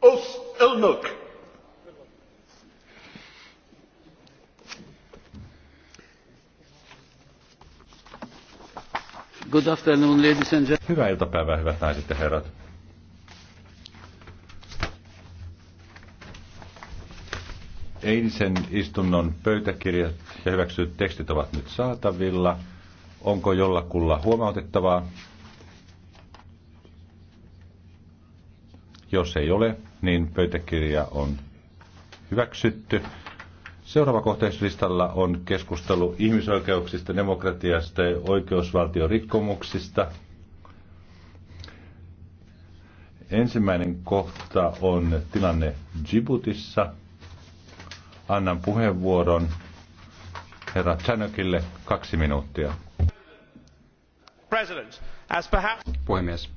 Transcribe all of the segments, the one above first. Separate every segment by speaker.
Speaker 1: Os elnök!
Speaker 2: Good afternoon, ladies and gentlemen.
Speaker 1: Hyvää iltapäivää, hyvät naiset ja herrat. Eilisen istunnon pöytäkirjat ja hyväksytyt tekstit ovat nyt saatavilla. Onko jollakulla huomautettavaa? Jos ei ole, niin pöytäkirja on hyväksytty. Seuraava kohteislistalla on keskustelu ihmisoikeuksista, demokratiasta ja oikeusvaltiorikkomuksista. Ensimmäinen kohta on tilanne Djiboutissa. Annan puheenvuoron herra Chanokille kaksi minuuttia. President,
Speaker 2: Puhemies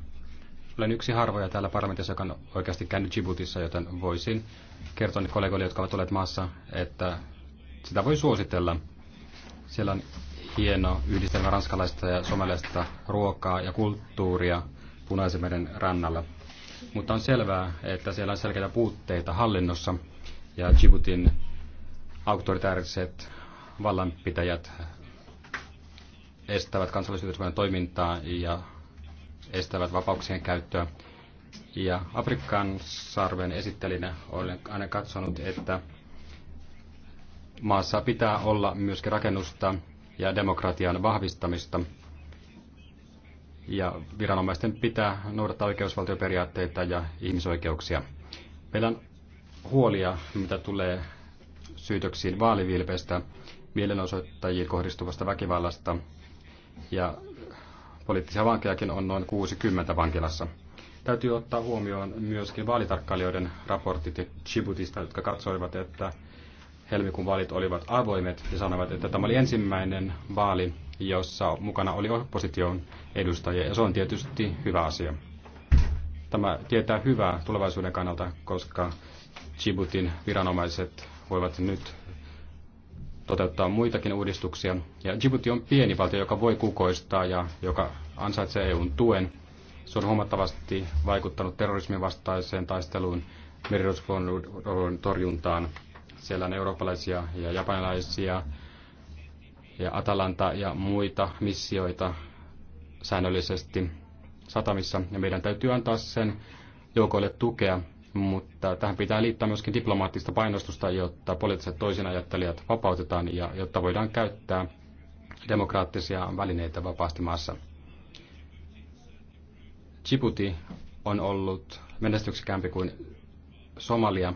Speaker 2: olen yksi harvoja täällä parlamentissa, joka on oikeasti käynyt Djiboutissa, joten voisin kertoa kollegoille, jotka ovat olleet maassa, että sitä voi suositella. Siellä on hieno yhdistelmä ranskalaista ja somalaista ruokaa ja kulttuuria Punaisen meren rannalla. Mutta on selvää, että siellä on selkeitä puutteita hallinnossa ja Djiboutin autoritaariset vallanpitäjät estävät kansallisyhteiskunnan toimintaa ja estävät vapauksien käyttöä. Ja Afrikan sarven esittelinä olen aina katsonut, että maassa pitää olla myöskin rakennusta ja demokratian vahvistamista. Ja viranomaisten pitää noudattaa oikeusvaltioperiaatteita ja ihmisoikeuksia. Meillä on huolia, mitä tulee syytöksiin vaalivilpestä, mielenosoittajiin kohdistuvasta väkivallasta ja Poliittisia vankejakin on noin 60 vankilassa. Täytyy ottaa huomioon myöskin vaalitarkkailijoiden raportit Djiboutista, jotka katsoivat, että helmikuun vaalit olivat avoimet ja sanoivat, että tämä oli ensimmäinen vaali, jossa mukana oli opposition edustajia, ja se on tietysti hyvä asia. Tämä tietää hyvää tulevaisuuden kannalta, koska Djiboutin viranomaiset voivat nyt toteuttaa muitakin uudistuksia. Ja Djibouti on pieni valtio, joka voi kukoistaa ja joka ansaitsee EUn tuen. Se on huomattavasti vaikuttanut terrorismin vastaiseen taisteluun, merirosvon torjuntaan. Siellä on eurooppalaisia ja japanilaisia ja Atalanta ja muita missioita säännöllisesti satamissa. Ja meidän täytyy antaa sen joukoille tukea, mutta tähän pitää liittää myöskin diplomaattista painostusta, jotta poliittiset toisinajattelijat vapautetaan ja jotta voidaan käyttää demokraattisia välineitä vapaasti maassa. Djibouti on ollut menestyksekämpi kuin Somalia.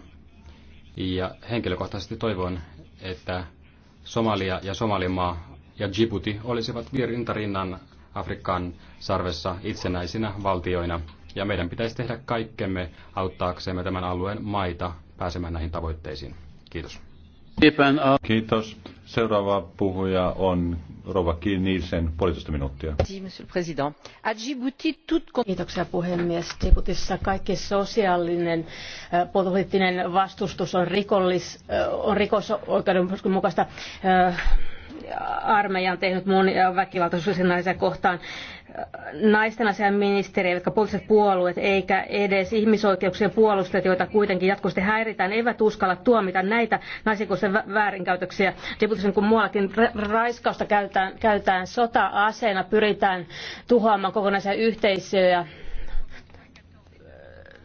Speaker 2: Ja henkilökohtaisesti toivon, että Somalia ja Somalimaa ja Djibouti olisivat virintarinnan Afrikan sarvessa itsenäisinä valtioina. Ja meidän pitäisi tehdä kaikkemme auttaaksemme tämän alueen maita pääsemään näihin tavoitteisiin. Kiitos.
Speaker 1: Kiitos. Seuraava puhuja on Rova Kiil Nielsen, puolitoista minuuttia.
Speaker 3: Kiitoksia puhemies. Djiboutissa kaikki sosiaalinen äh, poliittinen vastustus on, rikollis, äh, on rikosoikeuden mukaista äh, armeija on tehnyt monia väkivaltaisuuksia naisia kohtaan. Naisten asian ministeri, jotka poliittiset puolueet eikä edes ihmisoikeuksien puolustajat, joita kuitenkin jatkuvasti häiritään, eivät uskalla tuomita näitä naisikoisten väärinkäytöksiä. Djibutissa kuin muuallakin raiskausta käytetään, käytetään sota-aseena, pyritään tuhoamaan kokonaisia yhteisöjä.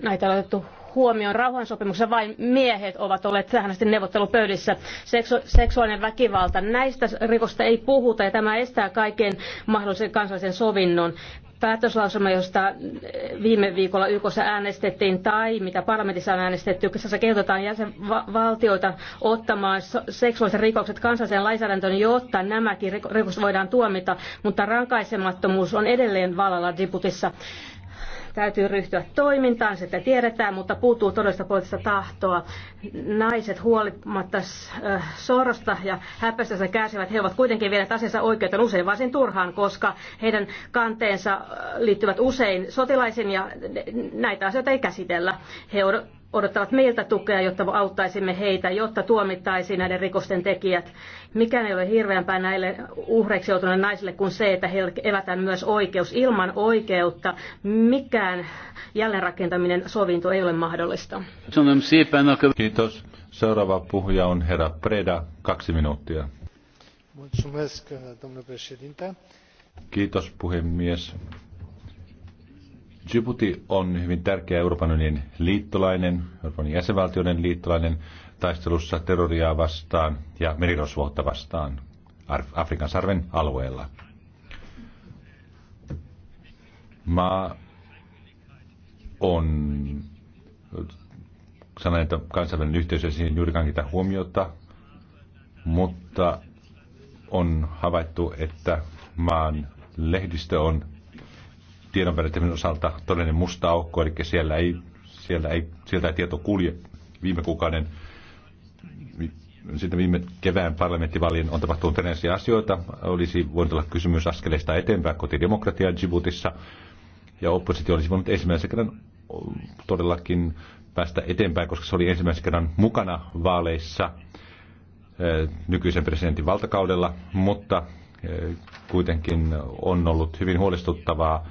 Speaker 3: Näitä on otettu huomioon rauhansopimuksessa vain miehet ovat olleet tähän asti neuvottelupöydissä. Seksu- seksuaalinen väkivalta, näistä rikosta ei puhuta ja tämä estää kaiken mahdollisen kansallisen sovinnon päätöslauselma, josta viime viikolla YKssa äänestettiin tai mitä parlamentissa on äänestetty, jossa kehotetaan jäsenvaltioita ottamaan seksuaaliset rikokset kansalliseen lainsäädäntöön, jotta nämäkin rikokset voidaan tuomita, mutta rankaisemattomuus on edelleen vallalla Djiboutissa. Täytyy ryhtyä toimintaan, sitä tiedetään, mutta puuttuu todellista poliittista tahtoa. Naiset huolimatta äh, sorosta ja häpästänsä kärsivät, he ovat kuitenkin vielä asiansa oikeuteen usein varsin turhaan, koska heidän kanteensa äh, liittyvät usein sotilaisiin ja näitä asioita ei käsitellä. He odottavat meiltä tukea, jotta auttaisimme heitä, jotta tuomittaisiin näiden rikosten tekijät. Mikään ei ole hirveämpää näille uhreiksi joutuneille naisille kuin se, että heille evätään myös oikeus. Ilman oikeutta mikään jälleenrakentaminen sovinto ei ole mahdollista.
Speaker 1: Kiitos. Seuraava puhuja on herra Preda, kaksi minuuttia. Kiitos puhemies. Djibouti on hyvin tärkeä Euroopan unionin liittolainen, Euroopan jäsenvaltioiden liittolainen taistelussa terroria vastaan ja merirosvoutta vastaan Afrikan sarven alueella. Maa on sanoin, että kansainvälinen yhteisö ei siihen juurikaan kiitä huomiota, mutta on havaittu, että maan lehdistö on tiedonvälityksen osalta todellinen musta aukko, eli siellä ei, siellä ei, sieltä ei tieto kulje. Viime kuukauden, sitten viime kevään parlamenttivaalien on tapahtunut erilaisia asioita. Olisi voinut olla kysymys askeleista eteenpäin koti demokratiaa Djiboutissa, ja oppositio olisi voinut ensimmäisen kerran todellakin päästä eteenpäin, koska se oli ensimmäisen kerran mukana vaaleissa eh, nykyisen presidentin valtakaudella, mutta eh, kuitenkin on ollut hyvin huolestuttavaa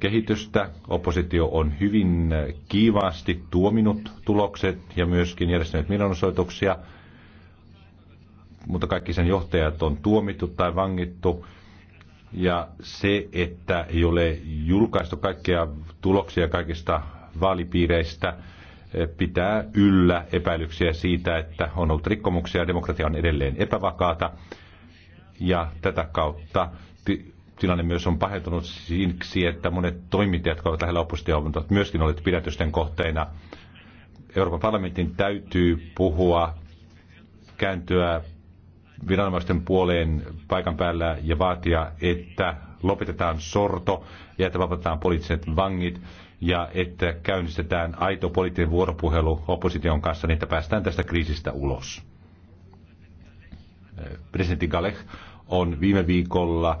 Speaker 1: kehitystä. Oppositio on hyvin kiivaasti tuominut tulokset ja myöskin järjestänyt mielenosoituksia, mutta kaikki sen johtajat on tuomittu tai vangittu. Ja se, että ei ole julkaistu kaikkia tuloksia kaikista vaalipiireistä, eh, pitää yllä epäilyksiä siitä, että on ollut rikkomuksia, demokratia on edelleen epävakaata ja tätä kautta tilanne myös on pahentunut siksi, että monet toimittajat, jotka ovat lähellä oppositiota, ovat myöskin olleet pidätysten kohteina. Euroopan parlamentin täytyy puhua, kääntyä viranomaisten puoleen paikan päällä ja vaatia, että lopetetaan sorto ja että vapautetaan poliittiset vangit ja että käynnistetään aito poliittinen vuoropuhelu opposition kanssa, niin että päästään tästä kriisistä ulos. Presidentti Galech on viime viikolla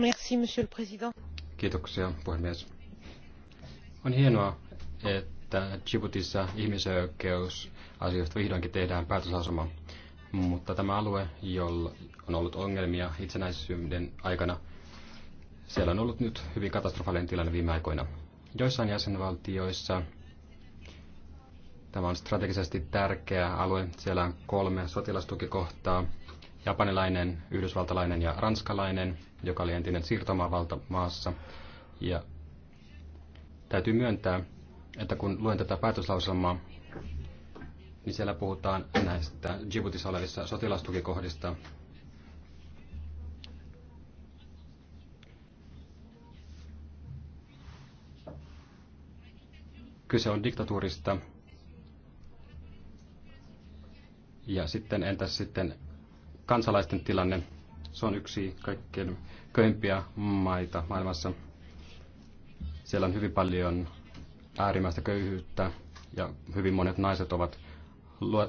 Speaker 4: monsieur le président.
Speaker 2: Kiitoksia, puhemies. On hienoa, että Djiboutissa ihmisoikeusasioista vihdoinkin tehdään päätösasema, mutta tämä alue, jolla on ollut ongelmia itsenäisyyden aikana, siellä on ollut nyt hyvin katastrofaalinen tilanne viime aikoina. Joissain jäsenvaltioissa tämä on strategisesti tärkeä alue. Siellä on kolme sotilastukikohtaa, japanilainen, yhdysvaltalainen ja ranskalainen – joka oli entinen siirtomaavalta maassa. Ja täytyy myöntää, että kun luen tätä päätöslauselmaa, niin siellä puhutaan näistä Djiboutissa olevissa sotilastukikohdista. Kyse on diktatuurista. Ja sitten entäs sitten kansalaisten tilanne? Se on yksi kaikkein köyhimpiä maita maailmassa. Siellä on hyvin paljon äärimmäistä köyhyyttä ja hyvin monet naiset ovat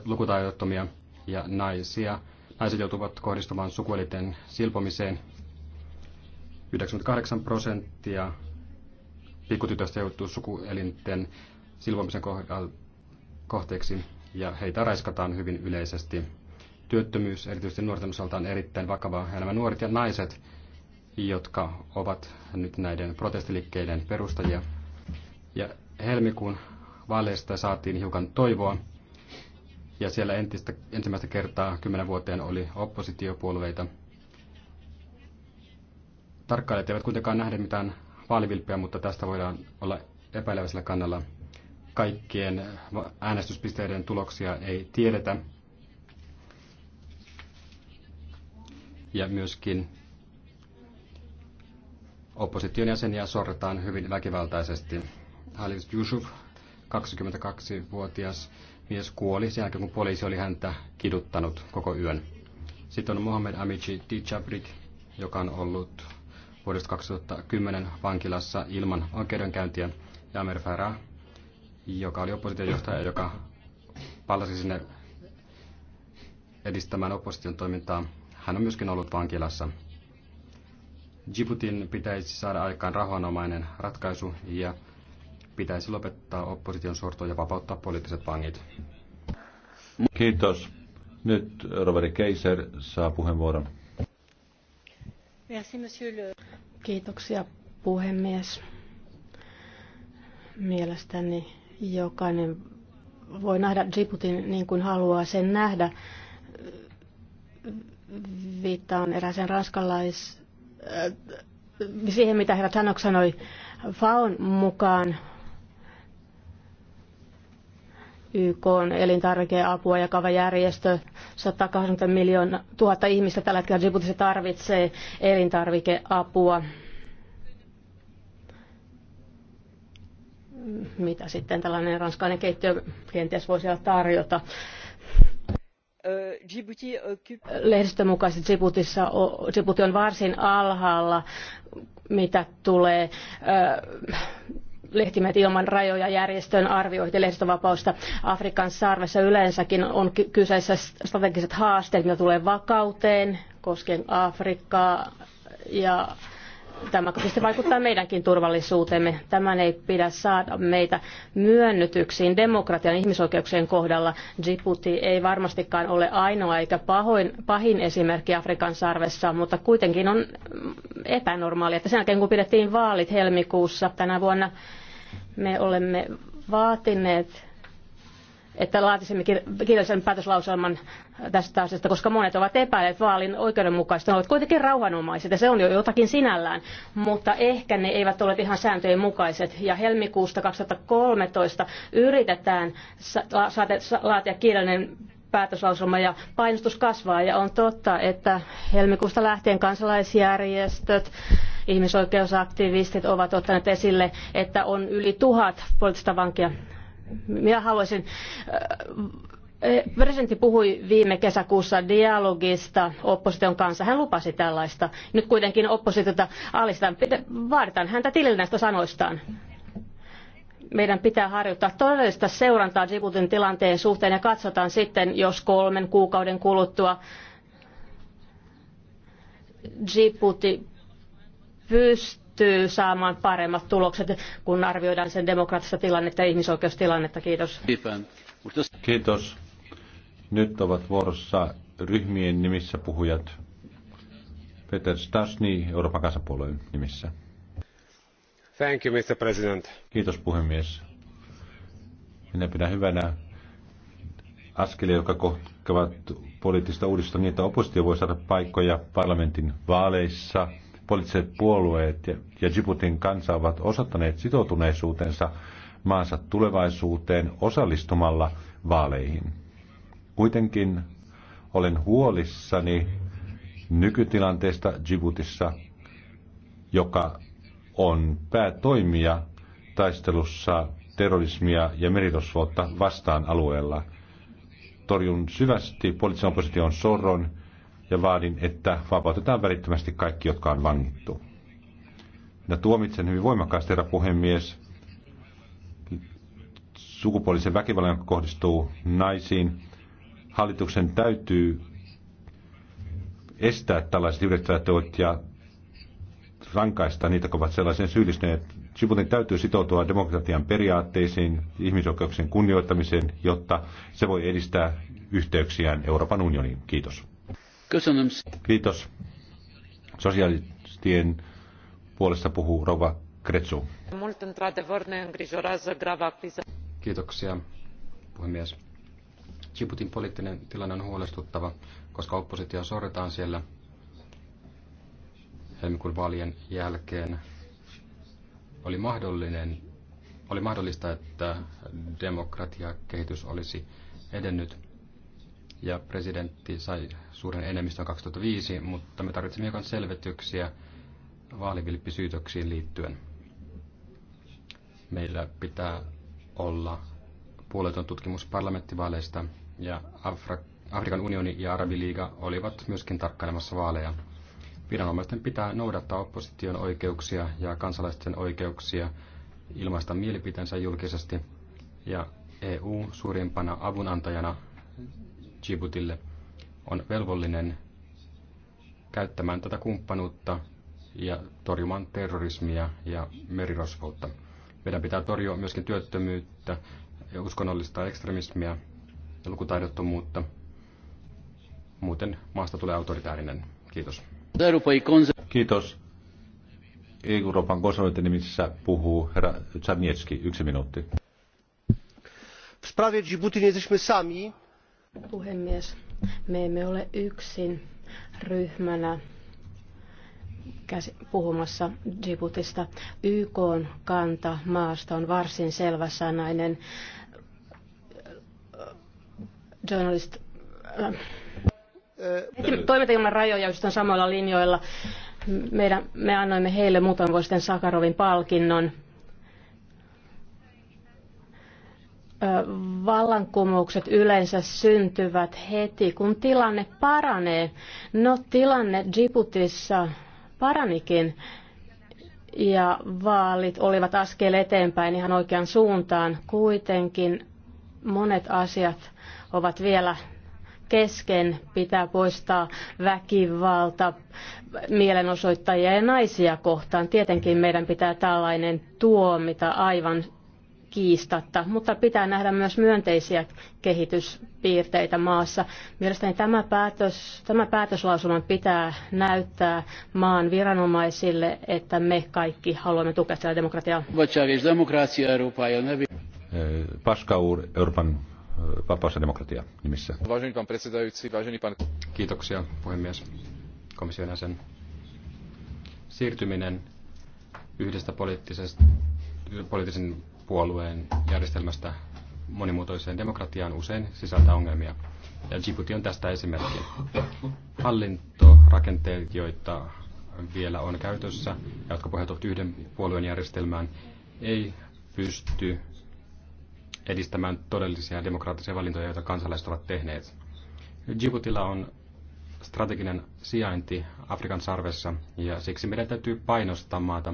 Speaker 2: lukutaidottomia ja naisia. Naiset joutuvat kohdistumaan sukueliten silpomiseen. 98 prosenttia pikkutytöstä joutuu sukuelinten silpomisen kohteeksi ja heitä raiskataan hyvin yleisesti työttömyys erityisesti nuorten osalta on erittäin vakava Ja nämä nuoret ja naiset, jotka ovat nyt näiden protestiliikkeiden perustajia. Ja helmikuun vaaleista saatiin hiukan toivoa. Ja siellä entistä, ensimmäistä kertaa kymmenen vuoteen oli oppositiopuolueita. Tarkkailijat eivät kuitenkaan nähneet mitään vaalivilppiä, mutta tästä voidaan olla epäileväisellä kannalla. Kaikkien äänestyspisteiden tuloksia ei tiedetä ja myöskin opposition jäseniä sorretaan hyvin väkivaltaisesti. Halis Yusuf, 22-vuotias mies, kuoli sen jälkeen, kun poliisi oli häntä kiduttanut koko yön. Sitten on Mohamed Amici Dijabrik, joka on ollut vuodesta 2010 vankilassa ilman oikeudenkäyntiä, ja Amer Farah, joka oli oppositiojohtaja, joka palasi sinne edistämään opposition toimintaa. Hän on myöskin ollut vankilassa. Djiboutin pitäisi saada aikaan rauhanomainen ratkaisu ja pitäisi lopettaa opposition sorto ja vapauttaa poliittiset vangit.
Speaker 1: Kiitos. Nyt Robert Keiser saa puheenvuoron.
Speaker 3: Kiitoksia puhemies. Mielestäni jokainen voi nähdä Djiboutin niin kuin haluaa sen nähdä viittaan eräisen ranskalais... Äh, siihen, mitä herra Tanok sanoi FAON mukaan. YK on elintarvikeapua jakava järjestö. 180 miljoonaa, tuhatta ihmistä tällä hetkellä Djiboutissa tarvitsee elintarvikeapua. Mitä sitten tällainen ranskainen keittiö kenties voisi tarjota? Djibouti Lehdistön mukaisesti Djiboutissa, Djibouti on varsin alhaalla, mitä tulee Lehtimet ilman rajoja järjestön arvioihin lehdistövapausta Afrikan sarvessa yleensäkin on kyseessä strategiset haasteet, mitä tulee vakauteen koskien Afrikkaa ja Tämä tietysti vaikuttaa meidänkin turvallisuuteemme. Tämän ei pidä saada meitä myönnytyksiin demokratian ja ihmisoikeuksien kohdalla. Djibouti ei varmastikaan ole ainoa eikä pahoin, pahin esimerkki Afrikan sarvessa, mutta kuitenkin on epänormaalia, että sen jälkeen kun pidettiin vaalit helmikuussa tänä vuonna, me olemme vaatineet että laatisimme kirjallisen päätöslauselman tästä asiasta, koska monet ovat epäilleet vaalin oikeudenmukaista. Ne ovat kuitenkin rauhanomaiset ja se on jo jotakin sinällään, mutta ehkä ne eivät ole ihan sääntöjen mukaiset. Ja helmikuusta 2013 yritetään laatia kirjallinen päätöslauselma ja painostus kasvaa ja on totta, että helmikuusta lähtien kansalaisjärjestöt, ihmisoikeusaktivistit ovat ottaneet esille, että on yli tuhat poliittista vankia minä haluaisin äh, Presidentti puhui viime kesäkuussa dialogista opposition kanssa. Hän lupasi tällaista. Nyt kuitenkin oppositiota alistetaan. Vaaditaan häntä tilille näistä sanoistaan. Meidän pitää harjoittaa todellista seurantaa Djiboutin tilanteen suhteen ja katsotaan sitten, jos kolmen kuukauden kuluttua Djibouti pystyy pystyy saamaan paremmat tulokset, kun arvioidaan sen demokraattista tilannetta ja ihmisoikeustilannetta. Kiitos.
Speaker 1: Kiitos. Nyt ovat vuorossa ryhmien nimissä puhujat. Peter Stasny Euroopan kansanpuolueen nimissä. Thank you, Mr. President. Kiitos puhemies. Minä pidän hyvänä askelia, jotka koskevat poliittista uudistusta niin, että oppositio voi saada paikkoja parlamentin vaaleissa – poliittiset puolueet ja Djiboutin kansa ovat osoittaneet sitoutuneisuutensa maansa tulevaisuuteen osallistumalla vaaleihin. Kuitenkin olen huolissani nykytilanteesta Djiboutissa, joka on päätoimija taistelussa terrorismia ja meritosvuotta vastaan alueella. Torjun syvästi poliittisen opposition sorron ja vaadin, että vapautetaan välittömästi kaikki, jotka on vangittu. Minä tuomitsen hyvin voimakkaasti, herra puhemies, sukupuolisen väkivallan, joka kohdistuu naisiin. Hallituksen täytyy estää tällaiset yrittävät teot ja rankaista niitä, jotka ovat sellaisen syyllistyneet. Djiboutin täytyy sitoutua demokratian periaatteisiin, ihmisoikeuksien kunnioittamiseen, jotta se voi edistää yhteyksiään Euroopan unioniin. Kiitos. Kiitos. Sosialistien puolesta puhuu Rova
Speaker 2: Kretsu. Kiitoksia, puhemies. Djiboutin poliittinen tilanne on huolestuttava, koska oppositio sorretaan siellä helmikuun vaalien jälkeen. Oli, mahdollinen, oli mahdollista, että demokratiakehitys olisi edennyt, ja presidentti sai suuren enemmistön 2005, mutta me tarvitsemme hiukan selvityksiä vaalivilppisyytöksiin liittyen. Meillä pitää olla puoleton tutkimus parlamenttivaaleista ja Afra- Afrikan unioni ja Arabiliiga olivat myöskin tarkkailemassa vaaleja. Viranomaisten pitää noudattaa opposition oikeuksia ja kansalaisten oikeuksia ilmaista mielipiteensä julkisesti ja EU suurimpana avunantajana Djiboutille on velvollinen käyttämään tätä kumppanuutta ja torjumaan terrorismia ja merirosvoutta. Meidän pitää torjua myöskin työttömyyttä ja uskonnollista ekstremismia ja lukutaidottomuutta. Muuten maasta tulee autoritäärinen. Kiitos.
Speaker 1: Kiitos. Euroopan konservatiivin nimissä puhuu herra Czarniecki. Yksi minuutti.
Speaker 2: W sprawie
Speaker 5: Djibouti nie jesteśmy sami.
Speaker 3: Puhemies, me emme ole yksin ryhmänä puhumassa Djiboutista. YK on kanta maasta on varsin selväsanainen. Journalist... Äh. Toiminta ilman rajoja on samoilla linjoilla. Meidän, me annoimme heille muutaman vuosi sitten Sakarovin palkinnon vallankumoukset yleensä syntyvät heti, kun tilanne paranee. No tilanne Djiboutissa paranikin ja vaalit olivat askel eteenpäin ihan oikean suuntaan. Kuitenkin monet asiat ovat vielä kesken. Pitää poistaa väkivalta mielenosoittajia ja naisia kohtaan. Tietenkin meidän pitää tällainen tuomita aivan kiistatta, mutta pitää nähdä myös myönteisiä kehityspiirteitä maassa. Mielestäni tämä, päätös, tämä päätöslausuman pitää näyttää maan viranomaisille, että me kaikki haluamme tukea sitä demokratiaa.
Speaker 1: Paskaur, Euroopan vapaus- ja eh, eh, demokratia nimissä.
Speaker 2: Kiitoksia puhemies komission jäsen. Siirtyminen yhdestä poliittisesta poliittisen puolueen järjestelmästä monimuotoiseen demokratiaan usein sisältää ongelmia. Ja Djibouti on tästä esimerkki. Hallintorakenteet, joita vielä on käytössä ja jotka pohjautuvat yhden puolueen järjestelmään, ei pysty edistämään todellisia demokraattisia valintoja, joita kansalaiset ovat tehneet. Djiboutilla on strateginen sijainti Afrikan sarvessa ja siksi meidän täytyy painostaa maata,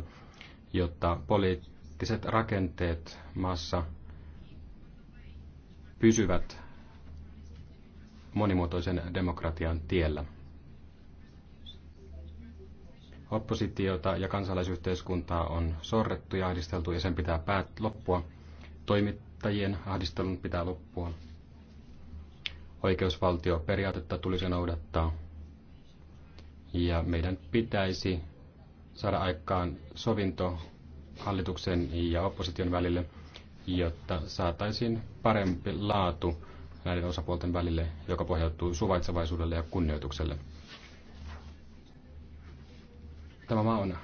Speaker 2: jotta poliitt- poliittiset rakenteet maassa pysyvät monimuotoisen demokratian tiellä. Oppositiota ja kansalaisyhteiskuntaa on sorrettu ja ahdisteltu ja sen pitää päät loppua. Toimittajien ahdistelun pitää loppua. Oikeusvaltioperiaatetta tulisi noudattaa. Ja meidän pitäisi saada aikaan sovinto hallituksen ja opposition välille, jotta saataisiin parempi laatu näiden osapuolten välille, joka pohjautuu suvaitsevaisuudelle ja kunnioitukselle. Tämä maa on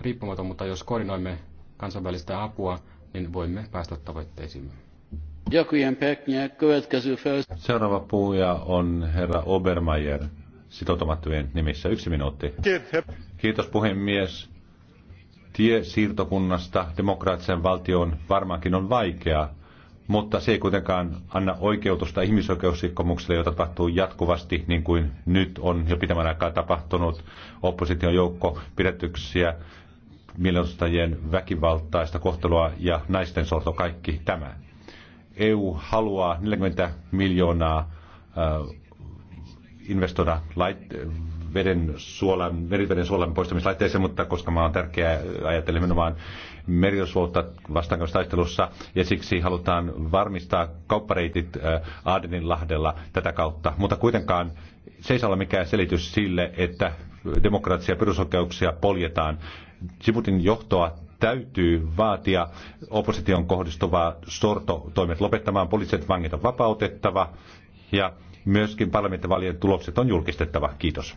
Speaker 2: riippumaton, mutta jos koordinoimme kansainvälistä apua, niin voimme päästä tavoitteisiimme.
Speaker 1: Seuraava puhuja on herra Obermeier Sitoutumattujen nimissä. Yksi minuutti. Kiitos puhemies. Tie siirtokunnasta demokraattiseen valtioon varmaankin on vaikea, mutta se ei kuitenkaan anna oikeutusta ihmisoikeusrikkomuksille, joita tapahtuu jatkuvasti, niin kuin nyt on jo pitemmän aikaa tapahtunut opposition joukko pidetyksiä, mielenosoittajien väkivaltaista kohtelua ja naisten sorto, kaikki tämä. EU haluaa 40 miljoonaa investoida lait, veden suolan, meriveden suolan poistamislaitteeseen, mutta koska mä on tärkeää ajatella nimenomaan merirosvoutta vastaankäystaistelussa, ja siksi halutaan varmistaa kauppareitit Aadeninlahdella äh, tätä kautta. Mutta kuitenkaan se ei saa olla mikään selitys sille, että demokratia ja perusoikeuksia poljetaan. Sivutin johtoa täytyy vaatia opposition kohdistuvaa sortotoimet lopettamaan, poliittiset vangit on vapautettava ja myöskin parlamenttivaalien tulokset on julkistettava. Kiitos.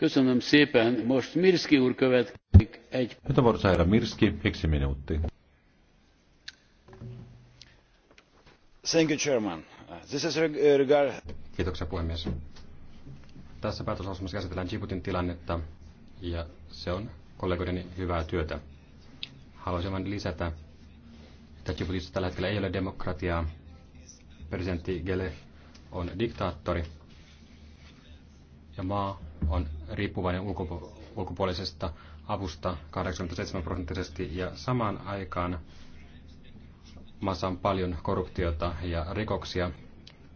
Speaker 2: on Thank you, Chairman.
Speaker 1: This is eh, regard...
Speaker 2: Kiitoksia puhemies. Tässä päätöslausumassa käsitellään Djiboutin tilannetta ja se on kollegoideni hyvää työtä. Haluaisin vain lisätä, että Djiboutissa tällä hetkellä ei ole demokratiaa. Presidentti Gele on diktaattori ja maa on riippuvainen ulkopuolisesta avusta 87 prosenttisesti ja samaan aikaan maassa on paljon korruptiota ja rikoksia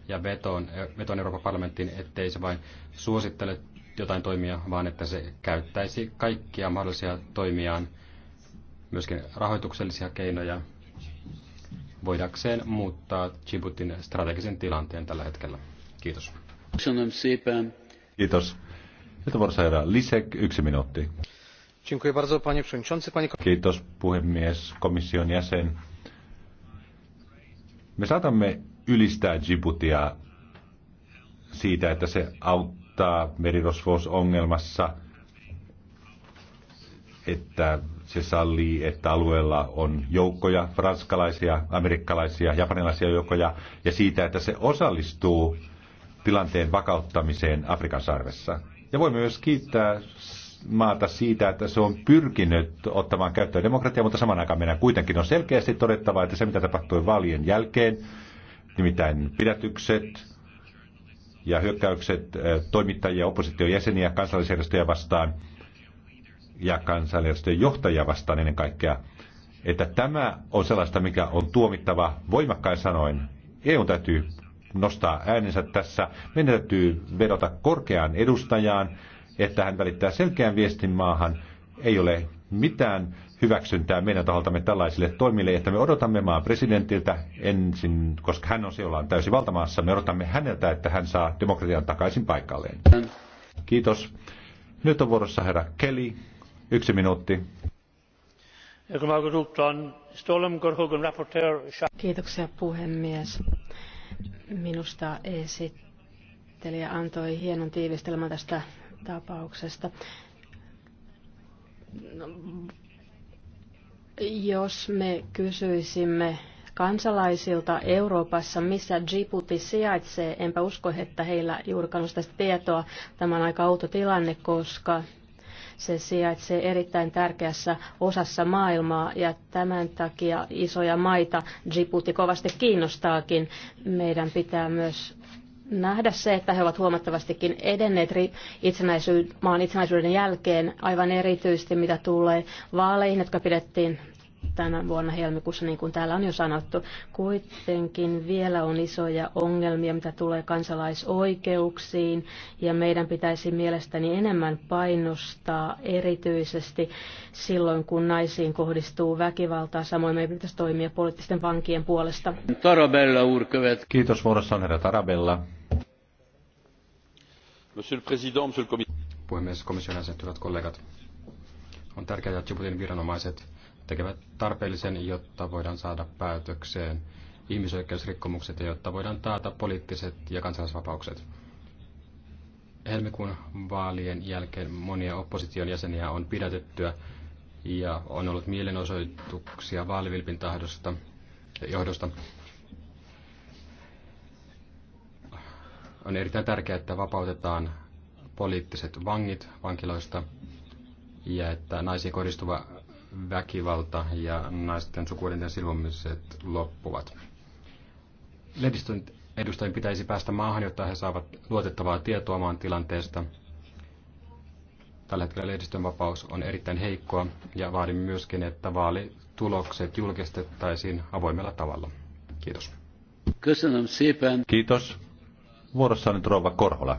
Speaker 2: ja vetoon, vetoon Euroopan parlamenttiin, ettei se vain suosittele jotain toimia, vaan että se käyttäisi kaikkia mahdollisia toimiaan, myöskin rahoituksellisia keinoja, voidakseen muuttaa Djiboutin strategisen tilanteen tällä hetkellä. Kiitos. Kiitos.
Speaker 1: Kiitos puhemies, komission jäsen. Me saatamme ylistää Djiboutia siitä, että se auttaa merirosvousongelmassa, että se sallii, että alueella on joukkoja, ranskalaisia, amerikkalaisia, japanilaisia joukkoja, ja siitä, että se osallistuu tilanteen vakauttamiseen Afrikan sarvessa. Ja voimme myös kiittää maata siitä, että se on pyrkinyt ottamaan käyttöön demokratiaa, mutta saman aikaan meidän kuitenkin on selkeästi todettava, että se mitä tapahtui vaalien jälkeen, nimittäin pidätykset ja hyökkäykset eh, toimittajia, opposition jäseniä, kansallisjärjestöjä vastaan ja kansallisjärjestöjen johtajia vastaan ennen kaikkea, että tämä on sellaista, mikä on tuomittava voimakkain sanoin. EU täytyy nostaa äänensä tässä. Meidän täytyy vedota korkeaan edustajaan, että hän välittää selkeän viestin maahan. Ei ole mitään hyväksyntää meidän taholtamme tällaisille toimille, että me odotamme maan presidentiltä ensin, koska hän on siellä on täysi valtamaassa, me odotamme häneltä, että hän saa demokratian takaisin paikalleen. Kiitos. Nyt on vuorossa herra Kelly. Yksi minuutti.
Speaker 3: Kiitoksia puhemies Minusta esittelijä antoi hienon tiivistelmän tästä tapauksesta. jos me kysyisimme kansalaisilta Euroopassa, missä Djibouti sijaitsee, enpä usko, että heillä juurikaan olisi tästä tietoa. Tämä on aika outo tilanne, koska se sijaitsee erittäin tärkeässä osassa maailmaa ja tämän takia isoja maita Djibouti kovasti kiinnostaakin. Meidän pitää myös nähdä se, että he ovat huomattavastikin edenneet itsenäisyyden, maan itsenäisyyden jälkeen, aivan erityisesti mitä tulee vaaleihin, jotka pidettiin tänä vuonna helmikuussa, niin kuin täällä on jo sanottu. Kuitenkin vielä on isoja ongelmia, mitä tulee kansalaisoikeuksiin, ja meidän pitäisi mielestäni enemmän painostaa erityisesti silloin, kun naisiin kohdistuu väkivaltaa. Samoin meidän pitäisi toimia poliittisten vankien puolesta.
Speaker 2: Tarabella, urkövet. Kiitos
Speaker 1: vuorossa on herra Tarabella.
Speaker 2: Monsieur le Président, Monsieur le Puhemies, komission jäsenet, hyvät kollegat. On tärkeää, että Djiboutin viranomaiset tekevät tarpeellisen, jotta voidaan saada päätökseen ihmisoikeusrikkomukset ja jotta voidaan taata poliittiset ja kansalaisvapaukset. Helmikuun vaalien jälkeen monia opposition jäseniä on pidätettyä ja on ollut mielenosoituksia vaalivilpin tahdosta, johdosta. On erittäin tärkeää, että vapautetaan poliittiset vangit vankiloista ja että naisiin kohdistuva väkivalta ja naisten sukuelinten silvomiset loppuvat. Lehdistön edustajien pitäisi päästä maahan, jotta he saavat luotettavaa tietoa maan tilanteesta. Tällä hetkellä lehdistön vapaus on erittäin heikkoa ja vaadin myöskin, että vaalitulokset julkistettaisiin avoimella tavalla. Kiitos.
Speaker 1: Kiitos. Vuorossa on nyt Rova Korhola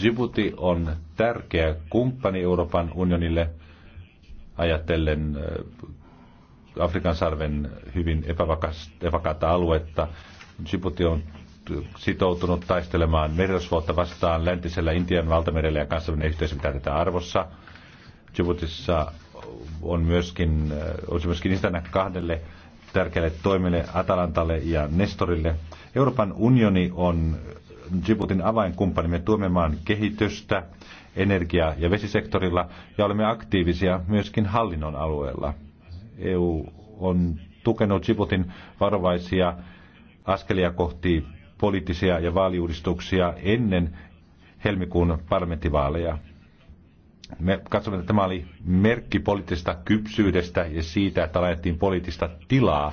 Speaker 1: Djibouti on tärkeä kumppani Euroopan unionille ajatellen äh, Afrikan sarven hyvin epävakaata aluetta. Djibouti on sitoutunut taistelemaan merirosvuotta vastaan läntisellä Intian valtamerellä ja kansainvälinen yhteisö pitää tätä arvossa. Djiboutissa on myöskin, äh, on myöskin istänä kahdelle tärkeälle toimille, Atalantalle ja Nestorille. Euroopan unioni on Djiboutin avainkumppanimme tuemme maan kehitystä energia- ja vesisektorilla ja olemme aktiivisia myöskin hallinnon alueella. EU on tukenut Djiboutin varovaisia askelia kohti poliittisia ja vaaliuudistuksia ennen helmikuun parlamenttivaaleja. Me katsomme, että tämä oli merkki poliittisesta kypsyydestä ja siitä, että laitettiin poliittista tilaa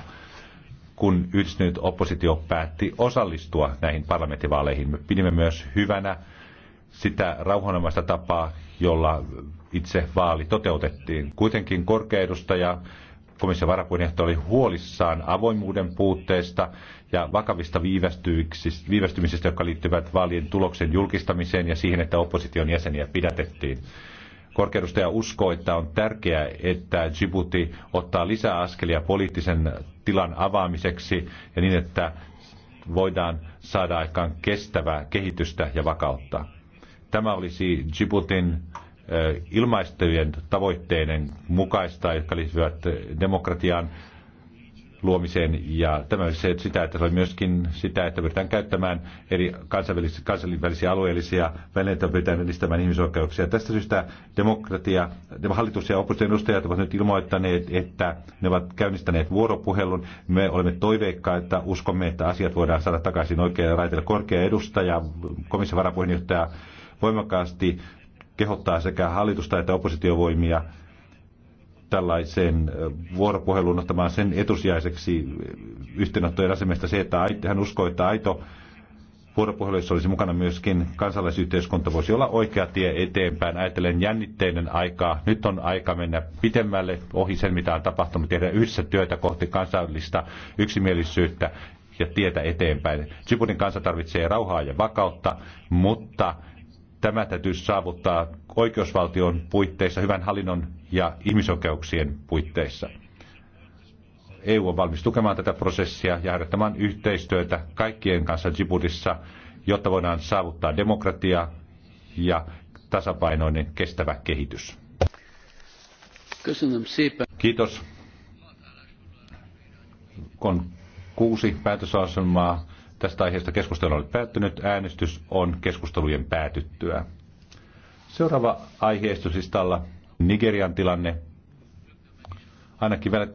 Speaker 1: kun yhdistynyt oppositio päätti osallistua näihin parlamenttivaaleihin. Me pidimme myös hyvänä sitä rauhanomaista tapaa, jolla itse vaali toteutettiin. Kuitenkin korkea ja komission varapuheenjohtaja oli huolissaan avoimuuden puutteesta ja vakavista viivästymisistä, jotka liittyvät vaalien tuloksen julkistamiseen ja siihen, että opposition jäseniä pidätettiin. Korkeudustaja uskoo, että on tärkeää, että Djibouti ottaa lisää askelia poliittisen tilan avaamiseksi ja niin, että voidaan saada aikaan kestävää kehitystä ja vakautta. Tämä olisi Djiboutin ilmaistujen tavoitteiden mukaista, jotka liittyvät demokratiaan, luomiseen ja tämä on se, sitä, että se oli myöskin sitä, että pyritään käyttämään eri kansainvälisiä, kansainvälisiä alueellisia välineitä pyritään edistämään ihmisoikeuksia. Tästä syystä demokratia, hallitus ja opposition edustajat ovat nyt ilmoittaneet, että ne ovat käynnistäneet vuoropuhelun. Me olemme toiveikkaita, uskomme, että asiat voidaan saada takaisin oikealle raiteelle. Korkea edustaja, komission varapuheenjohtaja voimakkaasti kehottaa sekä hallitusta että oppositiovoimia – tällaiseen vuoropuheluun ottamaan sen etusijaiseksi yhteenottojen asemesta se, että hän uskoo, että aito vuoropuhelu, jossa olisi mukana myöskin kansalaisyhteiskunta, voisi olla oikea tie eteenpäin. Ajattelen jännitteinen aikaa. Nyt on aika mennä pitemmälle ohi sen, mitä on tapahtunut, tehdä yhdessä työtä kohti kansainvälistä yksimielisyyttä ja tietä eteenpäin. Djiboutin kansa tarvitsee rauhaa ja vakautta, mutta tämä täytyy saavuttaa oikeusvaltion puitteissa, hyvän hallinnon ja ihmisoikeuksien puitteissa. EU on valmis tukemaan tätä prosessia ja harjoittamaan yhteistyötä kaikkien kanssa Djiboutissa, jotta voidaan saavuttaa demokratia ja tasapainoinen kestävä kehitys. Kiitos. On kuusi päätösasemaa. Tästä aiheesta keskustelu on päättynyt. Äänestys on keskustelujen päätyttyä. Seuraava aiheistusistalla Nigerian tilanne. Ainakin